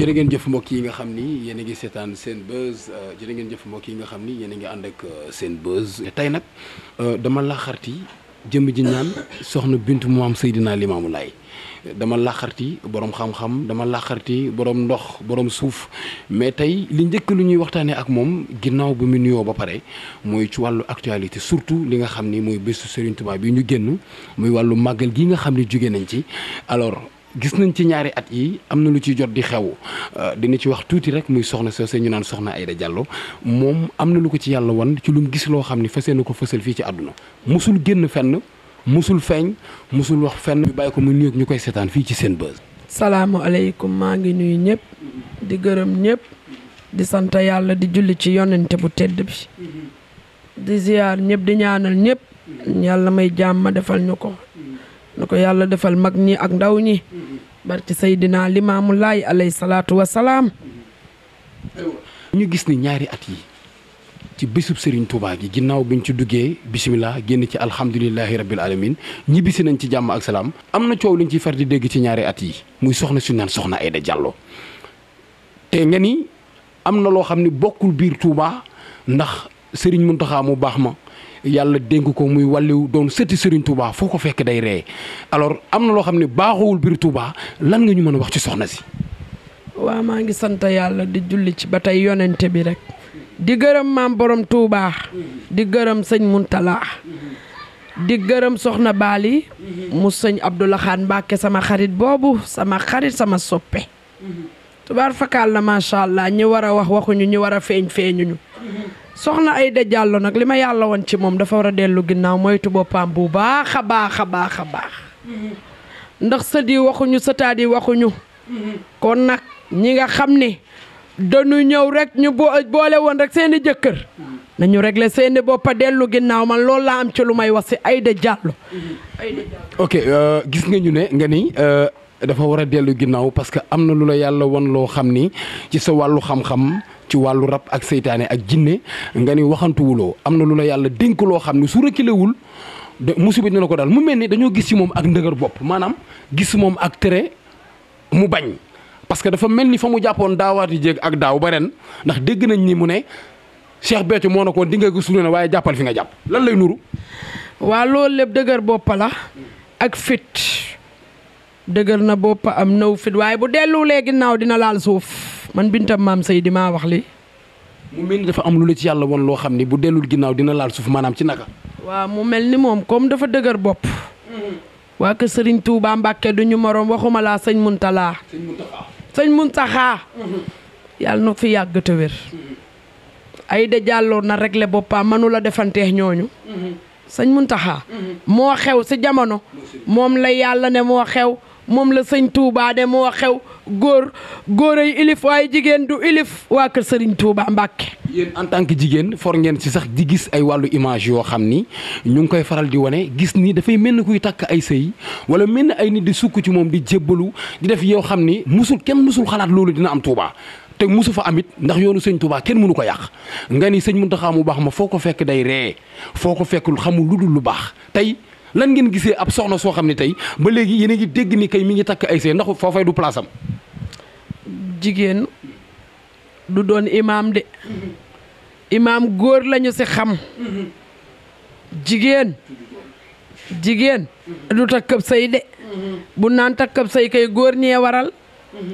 jërë jëf mbokk yi nga xam ni yéen a ngi seetaan seen buzz euh, jërë ngeen jëf mbokk yi nga xam ni yéen a ngi ànd ak euh, seen buzz. tey nag euh, dama laaxarti jëmm ji ñaan soxna Bintu Maam Seydina Limaamu Laay dama laaxarti borom xam-xam dama laaxarti borom ndox borom suuf mais tey li njëkk lu ñuy waxtaanee ak moom ginnaaw bi mu nuyoo ba pare mooy ci wàllu actualité surtout li nga xam ni mooy bésu Serigne Touba bi ñu génn muy wàllu màggal gi nga xam ni jóge nañ ci alors. gis nañ ci ñaari at yi am na lu ciy jot di xew euh, dina ci wax tuuti rek muy soxna soose ñu naan soxna Aida Diallo moom am na lu ko ci yàlla wan ci lu gis loo xam ni fa yéene ko fësal fii ci àdduna mosul génn fenn musul feeñ musul wax fenn ñu bàyyi ko mu nuyoog ñu koy seetaan fii ci seen bës. salaamaaleykum maa ngi nuy ñëpp di gërëm ñëpp di sant yàlla di julli ci yonente bu tedd bi di ziyaar ñëpp di ñaanal ñëpp yàlla may jàmm defal ñu ko na ko yàlla defal mag ñi ak ndaw ñi barki Seydina Limaamu Laay alayhi salaatu wa salaam. ñu gis ni ñaari at yi ci bisub Serigne Touba gi ginnaaw biñ ci duggee bisimilah génn ci alhamdulilahi rabbil alamin ñibbisi nañ ci jàmm ak salaam. am na coow liñ ciy far di dégg ci ñaari at yi muy soxna suñu naan soxna Aida jàlloo te nga ni am na loo xam ni bokkul biir tuubaa ndax sëriñ Mountakha mu baax ma. yàlla dénk ko muy wàlliw doon sëti Serigne Touba foo ko fekk day ree alors am na loo xam ne baaxowul biir Touba lan nga ñu mën a wax ci soxna si. waa maa ngi sant yàlla di julli ci ba tey yonente bi rek. di gërëm maam borom Touba. di gërëm sëñ Muntala. di gërëm soxna Baali. mu sëñ Abdoulaxaan Mbàkke sama xarit boobu sama xarit sama soppe. tubaar fakkaal la macha ñi war a wax waxuñu ñi war a feeñ feeñuñu. soxna de Diallo nag li ma yàlla woon ci moom dafa war a dellu ginnaaw moytu boppam bu baax a baax a baax a baax ndax sët yi waxuñu sëtaat waxuñu kon nag ñi nga xam ne dañu ñëw rek ñu boole woon rek seen i jëkkër nañu régler seen i boppa dellu ginnaaw man loolu laa am ci lu may wax si Aida Diallo ok euh, gis nga ñu ne nga ni euh, dafa war a dellu ginnaaw parce que am na lu la yàlla won loo xam ni ci sa wàllu xam-xam ci wàllu rab ak seytaane ak jinne nga ni waxantuwuloo am na lu la yàlla dénk loo xam ne su reculewul de musiba dina ko daal mu mel ni dañoo gis ci moom ak ndëgër bopp maanaam gis moom ak tere mu bañ parce que dafa mel ni fa mu jàppoon daawaati jéeg ak daaw ba ren ndax dégg nañ ni mu ne Cheikh Béthio moo na ko di nga gis lu ne waaye jàppal fi nga jàpp lan lay nuru. waa loolu lépp dëgër bopp la ak fit dëgër na bopp am naw fit waaye bu dellu léegi man bintam maam sëy di maa wax li mu mel ni dafa am lu la ci yàlla woon loo xam ni bu dellul ginnaaw dina laal suuf maanaam ci naka. waaw mu mel ni moom comme dafa dëgër bopp. waa kër Serigne Touba Mbacke du ñu moroom waxuma laa sëñ Mountakha. sëñ Mountakha sëñ Mountakha. yàlla na fi yàgg te wér. Aïda jàlloo na réglé boppam mënu la defanteex ñooñu. sëñ Mountakha. moo xew si jamono. moom la yàlla ne moo xew. moom la sëñ Touba de moo xew góor góor ay ilif waaye jigéen du ilif waa kër sëriñ Touba Mbàkke yéen en tant jigéen for ngeen ci sax di gis ay wàllu image yoo xam ni ñu ngi koy faral di wane gis nii dafay mel ni kuy takk ay sëy wala mel ni ay nit di sukk ci moom di jébbalu di def yow xam ni musul kenn musul xalaat loolu dina am Touba te musu fa amit ndax yoonu sëñ Touba kenn mënu ko yàq nga ni sëñ munta mu baax ma foo ko fekk day ree foo ko fekkul xamul lu lu baax tey lan ngeen gisee ab soxna soo xam ne tey ba léegi yéen a ngi dégg ni kay mi ngi takk ay sëy ndax foofay du place am. jigéen du doon imaam de imaam góor lañu ci xam jigéen jigéen du takkab sëy de bu naan takkab sëy kay góor ñee waral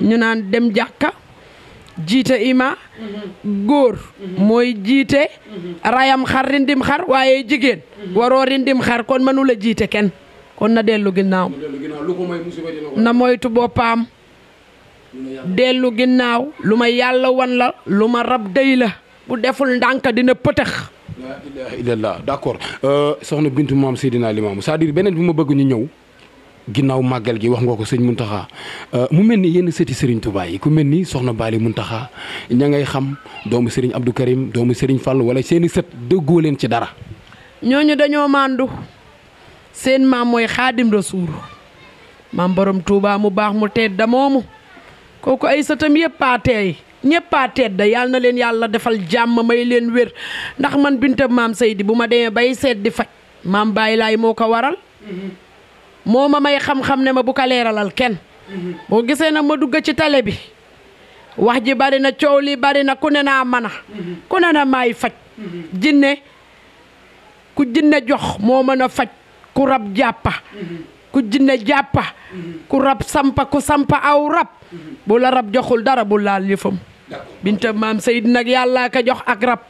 ñu naan dem jàkka. jiite ima góor mooy jiite rayam xar rindim xar waaye jigéen waroo rindim xar kon mënula jiite kenn kon na dellu ginnaaw na moytu boppam dellu ginnaaw lu ma yàlla wan la lu ma rab day la bu deful ndànk dina pëtëx la ilaha illallah d'accord euh, soxna bintu maam Seydina Limaamu c'est-à-dire beneen bi ma bëgg ñu ñëw ginnaaw màggal gi wax nga ko sëñ Muntaxa euh, mu mel ni yenn sëti Serigne Touba yi ku mel ni soxna Baali Muntaxa ña ngay xam doomu sëriñ Abdou Karim doomu sëriñ Fall wala seen i sët dëggoo leen ci dara. ñooñu dañoo màndu seen maam mooy xaadim rasuul maam borom tuubaa mu baax mu tedd da moomu kooku ay sëtam yëpp a teey ñëpp a tedd na leen yàlla defal jàmm may leen wér ndax man bintam maam Seydi bu ma demee bay seet di faj maam Baay Laay moo ko waral. Mm-hmm. moo ma may xam-xam ne ma bu ko leeralal kenn boo gisee nag ma dugg ci tale bi wax ji bari na coow li bari na ku ne naa mën a ku ne na faj jinne ku jinne jox moo mën a faj ku rab jàppa ku jinne jàppa ku rab sampa ku sampa aw rab bu la rab joxul dara bu laal yëfam binta maam Seydina nag yàllaa ko jox ak rab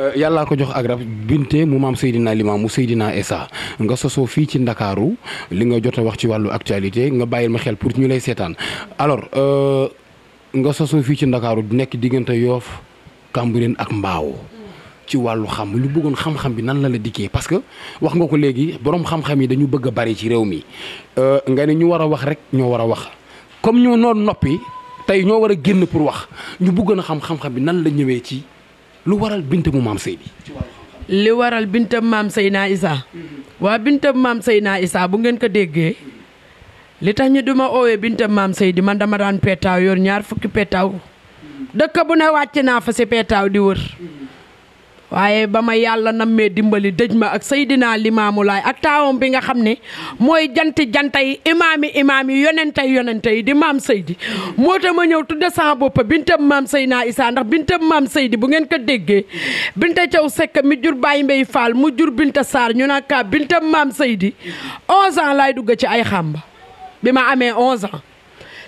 Euh, yàllaa ko jox ak rab binte mu maam Seydina Limam mu Seydina Essa nga sosoo fii ci ndakaaru li nga jot a wax ci wàllu actualité nga bàyyil ma xel pour ñu lay seetaan alors euh, nga sosoo fii ci ndakaaru nekk diggante yoof Cambérène ak mbaaw ci wàllu xam lu bëggoon xam bi nan la la dikkee parce que wax ko léegi borom xam yi dañu bëgg a bari ci réew mi euh, nga ne ñu war a wax rek ñoo war a wax comme ñoo noon noppi tey ñoo war a génn pour wax ñu bëggoon a xam xam-xam bi nan la ñëwee ci lu waral bintam maam Seydi li waral bintam maam naa Issa waa bintam maam naa isaa bu ngeen ko déggee li tax ñu duma oowee bintam maam di man dama daan peetaaw yor ñaar fukki peetaaw dëkk bu na wàcc naa fa si peetaaw di wër waaye ba ma yàlla nammee dimbali dëj ma ak Seydina Limaamu Laay ak taawam bi nga xam ne mooy janti jantay imaami imaami yonentay yonentay di maam Seydi moo tax ma ñëw tudde sama boppa bintab maam Seydina Isaa ndax bintab maam Seydi bu ngeen ko déggee binta caw sekk mi jur Baye Mbay Fall mu jur binta Sarr ñu naan kaa bintab maam Seydi 11 laay dugg ci ay xàmba bi ma amee 11 ans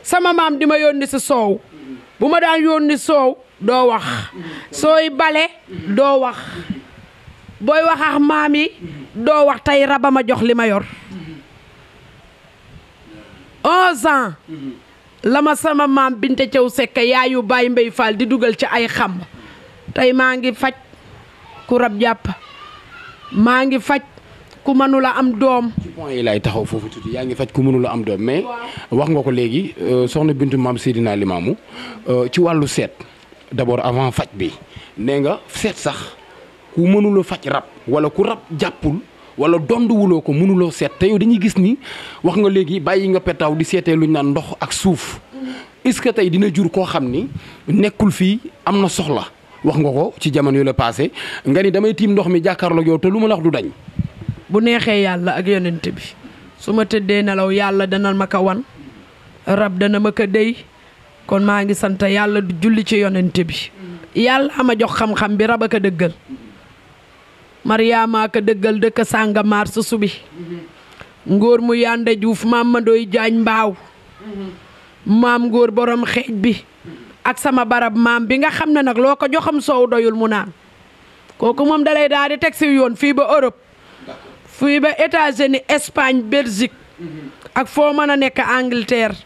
sama maam di ma yónni si soow bu ma daan yónni soow doo wax sooy bale doo wax booy wax ak maam yi doo wax tey raba ma jox li ma yor onze lama sama maam binte cew sekk yaayu baay mbay faal di dugal ci ay xam tey maa ngi faj ku rab jàpp maa ngi faj ku mënula am doom. laay taxaw foofu tuuti yaa ngi faj ku mënula am doom mais wax nga ko léegi euh, soxna Bintu maam Seydina Limaamu euh, ci wàllu seet. d'abord avant faj bi nee nga seet sax ku mënula faj rab wala ku rab jàppul wala donduwuloo ko mënuloo seet te yow dañuy gis ni wax nga léegi bàyyi nga petaaw di seetee lu ñu naan ndox ak suuf mm-hmm. est-ce que tey dina jur koo xam ni nekkul fii am na soxla wax nga ko ci jamono yu la passé nga ni damay tiim ndox mi jàkkaarloog yow te lu ma la wax du dañ. bu neexee yàlla ak yonent bi su ma tëddee nelaw yàlla dana ma ko wan rab dana ma ko dey kon maa ngi sant yàlla di julli ci yonent bi yàlla ma jox xam-xam bi raba ka dëggal maryaama ka dëggal dëkk sànga maar sa subi ngóor mu yànde juuf maam ma doy jaañ mbaaw maam ngóor borom xeej bi ak sama barab maam bi nga xam ne nag loo ko joxam soow doyul mu naan kooku moom dalay daal di teg si yoon fii ba Europe fii ba États-Unis Espagne ak foo mën a nekk Angleterre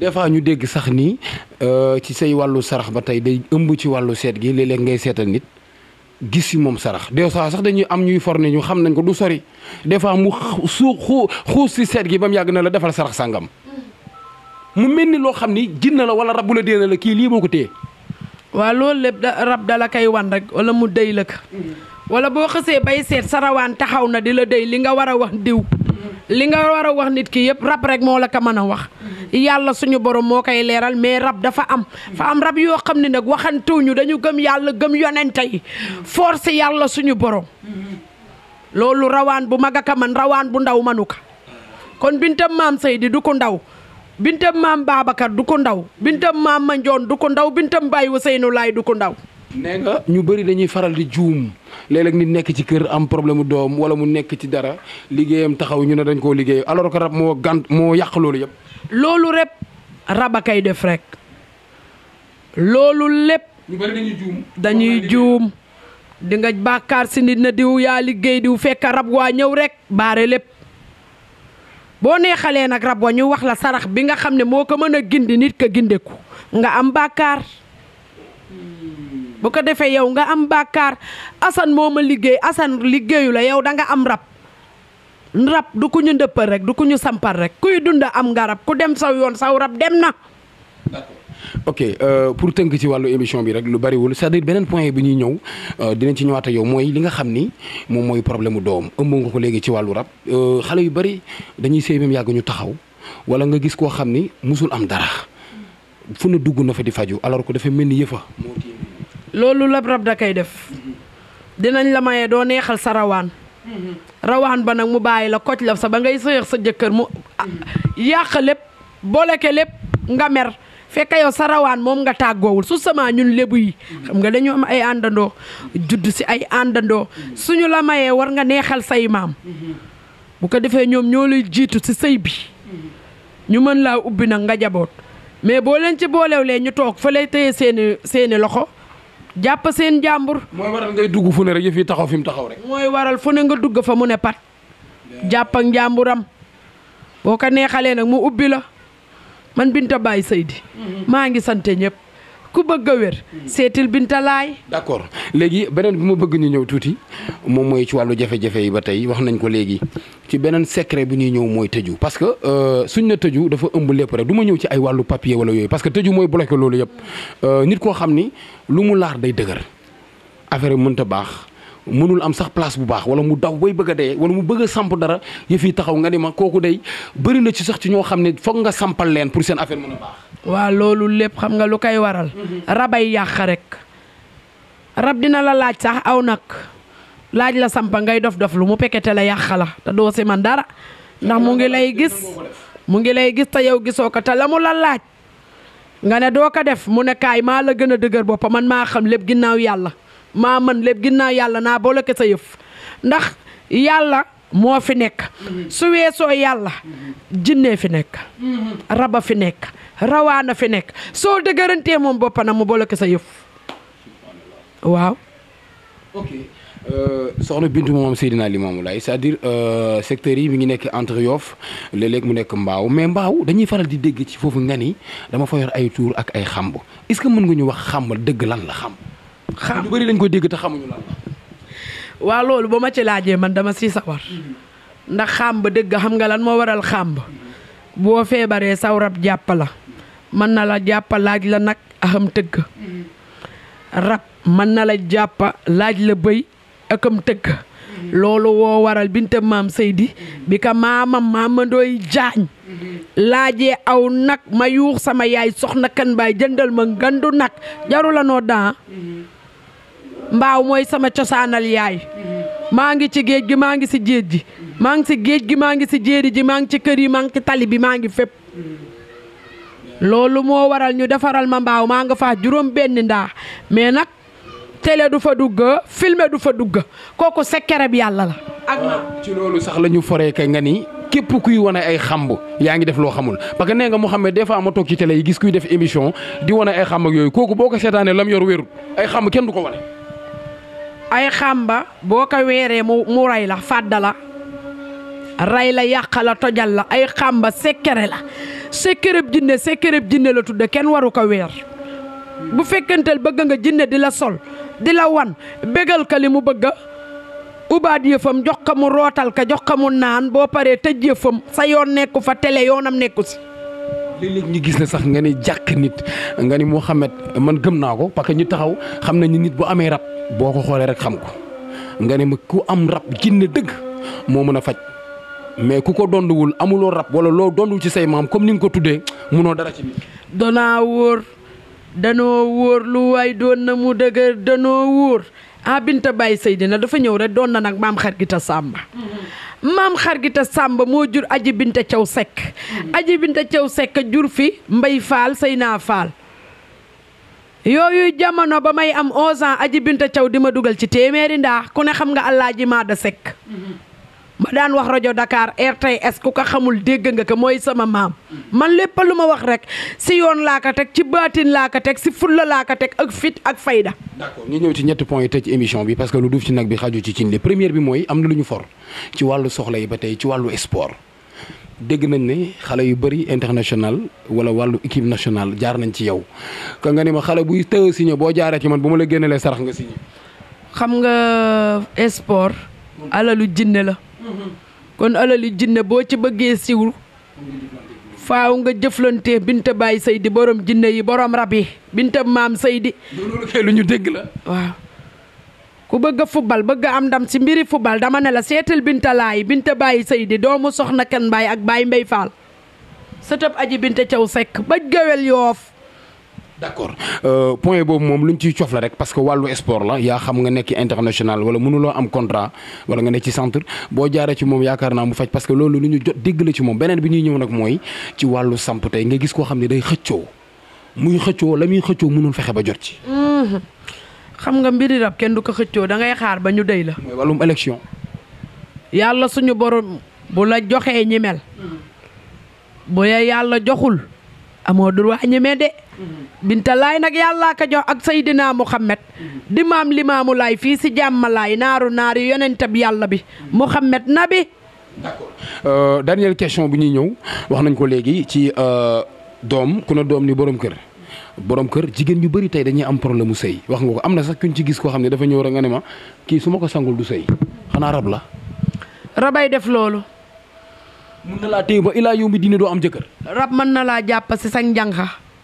des fois ñu dégg sax ni euh, ci say wàllu sarax ba tey day ëmb ci wàllu seet gi léeg ngay seetal nit gis si moom sarax des fois sax dañuy am ñuy for forne ñu xam nañ ko du sori des fois mu su xuu xuus si seet gi ba mu yàgg na la defal sarax sàngam mm. mu mel ni loo xam ni na la wala rab bu la dee na la kii lii boo ko téye. waaw loolu lépp da rab dala koy wan rek wala mu dey la ko mm. wala boo xësee bay seet sarawaan taxaw na di la dey li nga war a wax diw li nga war a wax nit ki yëpp rab rek moo la ko mën a wax yàlla suñu borom moo koy leeral mais rab dafa am fa am rab yoo xam ni nag waxantuñu dañu gëm yàlla gëm yonente yi force yàlla suñu borom loolu rawaan bu mag a man rawaan bu ndaw manu ko kon bintam maam Seydi du ko ndaw bintam maam Babacar du ko ndaw bintam maam Mandione du ku ndaw bintam Baye Ousseynou laay du ko ndaw nee nga ñu bari dañuy faral di juum léeg-léeg nit nekk ci kër am problème mu doom wala mu nekk ci dara liggéeyam taxaw ñu ne dañ koo liggéey alors que rab moo gant moo yàq loolu yëpp. loolu rek rab a kay def rekk loolu lépp. dañuy juum. dinga juum di si nit na diw yaa liggéey diw fekk rab waa ñëw rek baare lépp. boo neexalee nag rab wa ñu wax la sarax bi nga xam ne moo ko mën a gindi nit ka gindeku nga am bàkkaar hmm. bu ko defee yow nga am bàkkaar Assane moo ma liggéey Assane liggéeyu la yow da nga am rab rab du ku ñu ndëppal rek du ku ñu sampal rek kuy dund am nga rab ku dem saw yoon saw rab dem na. ok euh, pour tënk ci wàllu émission bi rek lu bariwul cest dire beneen point bi ñuy ñëw euh, dinañ ci ñëwaat yow mooy li nga xam ni moom mooy problème mu doom ëmb nga ko léegi ci wàllu rab euh, xale yu bari dañuy sëy même yàgg ñu taxaw wala nga gis koo xam ni musul am dara fu ne dugg na fa di faju alors que dafa mel loolu la rab da kay def dinañ la maye doo neexal sa rawaan rawaan ba nag mu bàyyi la koj la sa ba ngay sëyax sa jëkkër mu yàq lépp booleke lépp nga mer fekk yow sa rawaan moom nga tàggoowul su sama ñun lébu yi xam nga dañu am ay àndandoo judd si ay àndandoo suñu la mayee war nga neexal say maam bu ko defee ñoom ñoo lay jiitu si sëy bi ñu mën laa ubbi nag nga jaboot mais boo leen ci boolewlee ñu toog fa lay téye seeni seeni loxo jàpp seen jàmbur. mooy waral ngay dugg fu ne rek yëf taxaw fi mu taxaw rek. mooy waral fu ne nga dugg fa mu ne pat. jàpp ak njàmburam boo ko neexalee nag mu ubbi la man Binta Baye Seydi. Mhm. maa ngi sante ñëpp ku bëgg a wér. Mhm. seetil Binta laay. d'accord léegi beneen bi ma bëgg ñu ñëw tuuti moom mooy ci wàllu jafe-jafe yi ba tey wax nañ ko léegi. ci beneen secret bi ñuy ñëw mooy tëju parce que euh, suñ na tëju dafa ëmb lépp rek du ma ñëw ci ay wàllu papier wala yooyu parce que tëju mooy bloqué loolu yëpp euh, nit koo xam ni lu mu laar day dëgër affaire bi mënta baax mënul am sax place bu baax wala mu daw booy bëgg dee wala mu bëgg samp dara yëf yi taxaw nga ni ma kooku day bëri na ci sax ci ñoo xam ne foog nga sampal leen pour seen affaire mën a baax. waaw loolu lépp xam nga lu koy waral. Mm-hmm. rabay yàq rek. rab dina la laaj sax aw nag. laaj la sampa ngay dof dof lu mu pekete la yàq la te doo si man dara ndax mu ngi lay gis mu ngi lay gis te yow gisoo ko te la mu la laaj nga ne doo ko def mu ne kaay maa la gën a dëgër boppa man maa xam lépp ginnaaw yàlla maa man lépp ginnaaw yàlla naa boole ko sa yëf ndax yàlla moo fi nekk su weesoo yàlla jinnee fi nekk raba fi nekk rawaana fi nekk soo dëgërantee moom boppam na mu boole ko sa yëf waaw. Euh, soxna bind moom Seydina Limamou Laye c'est-à-dire euh, secteurs yi mi ngi nekk entre Yoff léeg-léeg mu nekk Mbaaw mais Mbaaw dañuy faral di dégg ci foofu nga ni dama fa yor ay tuur ak ay xamb est-ce que mën nga ñu wax xamb dëgg lan la xam. xam ñu bëri lañ ko dégg te xamuñu lan la. waaw loolu ba ma ci laajee man dama si sawar ndax xamb dëgg xam nga lan moo waral xamb boo feebaree sawrab jàpp la mën na la jàppa laaj la nag axam tëgg rab mën na la jàpp laaj la bëy akam tëgg loolu woo waral binte maam Seydi bi ka maamam maamandooy jaañ laaje aw nag ma yuux sama yaay soxna kan baay jëndal ma ngandu nag jaru la noo daa mbaaw mooy sama cosaanal yaay maa ngi ci géej gi maa ngi ci jéej ji maa ngi ci géej gi maa ngi si jéeri ji maa ngi ci kër yi maa ngi ci tali bi maa ngi fépp loolu moo waral ñu defaral ma mbaaw maa ngi faa juróom benn ndaa mais nag télé du fa dugg filme du fa dugg kooku sekkereb yàlla la. ak ci loolu sax la ñu foree kay nga nii képp kuy wane ay xamb yaa ngi def loo xamul parce que nee nga Mouhamed des fois ma toog ci télé yi gis kuy def émission di wane ay xamb yooyu kooku boo ko seetaanee lam yor wérul ay xamb kenn du ko wane. ay xamba boo ko weeree mu mu la fàdda ray la yàq la tojal la ay xàmba sekkere la sekkereb jinne sekkereb jinne la tudde kenn waru ko weer bu fekkenteel bëgg nga jinne di la sol di la wan bégal ka li mu bëgga ubaat yëfam jox ka mu rootal ka jox ka mu naan boo paree tëj yëfam sa yoon nekku fa télé yoonam nekku si léeg-léeg ñu gis ne sax nga ni jàkk nit nga ni mu Mouhamed man gëm naa ko parce que ñu taxaw xam nañu nit bu amee rab boo ko xoolee rek xam ko nga ne ma ku am rab jinne dëgg moo mën a faj mais ku ko donduwul amuloo rab wala loo donduwul ci say maam comme ni nga ko tuddee munoo dara ci nit. danaa wóor. danoo wóor lu waay doon na mu dëgër danoo wóor ah Binta Baye Seydina dafa ñëw rek doon na nag maam Xargita Sàmba maam Xargita Sàmba moo jur aji Binta caw Seck aji Binta Thiaw Seck jur fi Mbay Faal Seyna Faal yooyu jamono ba may am 11 ans aji Binta caw di ma dugal ci téeméeri ndaa ku ne xam nga Alaaji Maada Seck ma daan wax rajo Dakar RTS ku ko xamul dégg nga ko mooy sama maam man lépp lu ma wax rek si yoon laa ko teg ci baatin laa ko teg si la laa ko teg ak fit ak fayda. ñu ñëw ci ñetti points yi ci émission bi parce que lu duuf ci nag bi xaju ci cin li première bi mooy am na lu ñu for ci wàllu soxla yi ba tey ci wàllu sport. dégg nañ ne xale yu bëri international wala wàllu équipe nationale jaar nañ ci yow kon nga ni ma xale buy tëw signé boo jaaree ci man bu ma la génnelee nga signé. xam nga sport. alalu jinne la. kon alali jinne boo ci bëggee siw faaw nga jëflante binta baay Seydi borom jinne yi borom rab yi binta maam Seydi loolu lu ñu dégg la ku bëgga a fubal bëgg am ndam si mbiri fubal dama ne la seetal binta laay bàyyi baay Seydi doomu soxna kan baay ak baay mbay faal sëtëb aji binta caw sekk baj gawel yoof d' accord euh, point boobu moom lu ñu ciy cof la rek parce que wàllu sport la yaa xam nga nekk international wala mënuloo am contrat wala nga nekk ci centre boo jaaree ci moom yaakaar naa mu faj parce que loolu lu ñu jot dégg la ci moom beneen bi ñuy ñëw nag mooy ci wàllu samp tey nga gis koo xam ne day xëccoo muy xëccoo la muy xëccoo mënul fexe ba jot ci. xam nga mbiri rab kenn du ko xëccoo da ngay xaar ba ñu dey la. mooy wàllum élection. yàlla suñu borom bu la joxee ñi mel. yàlla joxul binta laay nag yàllaa ko jox ak Seydina Muhammad di maam limaamu laay fii si jàmmalaay naaru naari yonentab yàlla bi Muhammad na d'accord euh, dernière question bu ñuy ñëw wax nañ ko léegi ci euh, doom ku na doom ni borom kër borom kër jigéen ñu bari tey dañuy am problème mu sëy wax nga ko am na sax kuñ ci gis koo xam ne dafa ñëw rek nga ne ma kii su ma ko sangul du sëy xanaa rab la rabay def loolu mën na laa téye ba ilaa yow mi doo am jëkkër rab mën na laa jàpp si sa njàng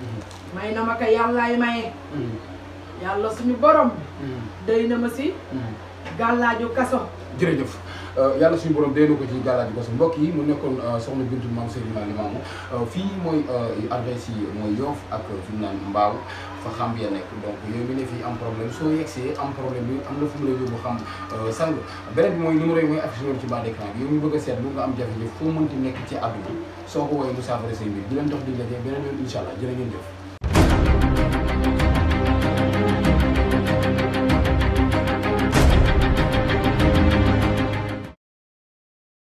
Mm-hmm. may na ma ko yàllaay maye mm-hmm. yàlla suñu borom mm-hmm. day na ma si gàllaaju kaso jërëjëf Euh, yàlla suñu borom delloo ko ci gàllaaj ko su mbokk yi mu nekkoon euh, soxna Bintu maam Seydina Limaamu euh, fii mooy adresse yi mooy Yoff ak fi mu naan Mbaaw fa xam ya nekk donc yooyu mu ne fii am problème soo yegsee am problème bi am na fu mu la yóbbu xam sang beneen bi mooy numéro yi mooy affiché woon ci bas d'écran bi yow ñu bëgg a seetlu nga am jafe-jafe foo mënti nekk ci àdduna soo ko woowee mu saafara seen mbir di leen jox di lajee beneen yoon incha allah jërë ngeen jëf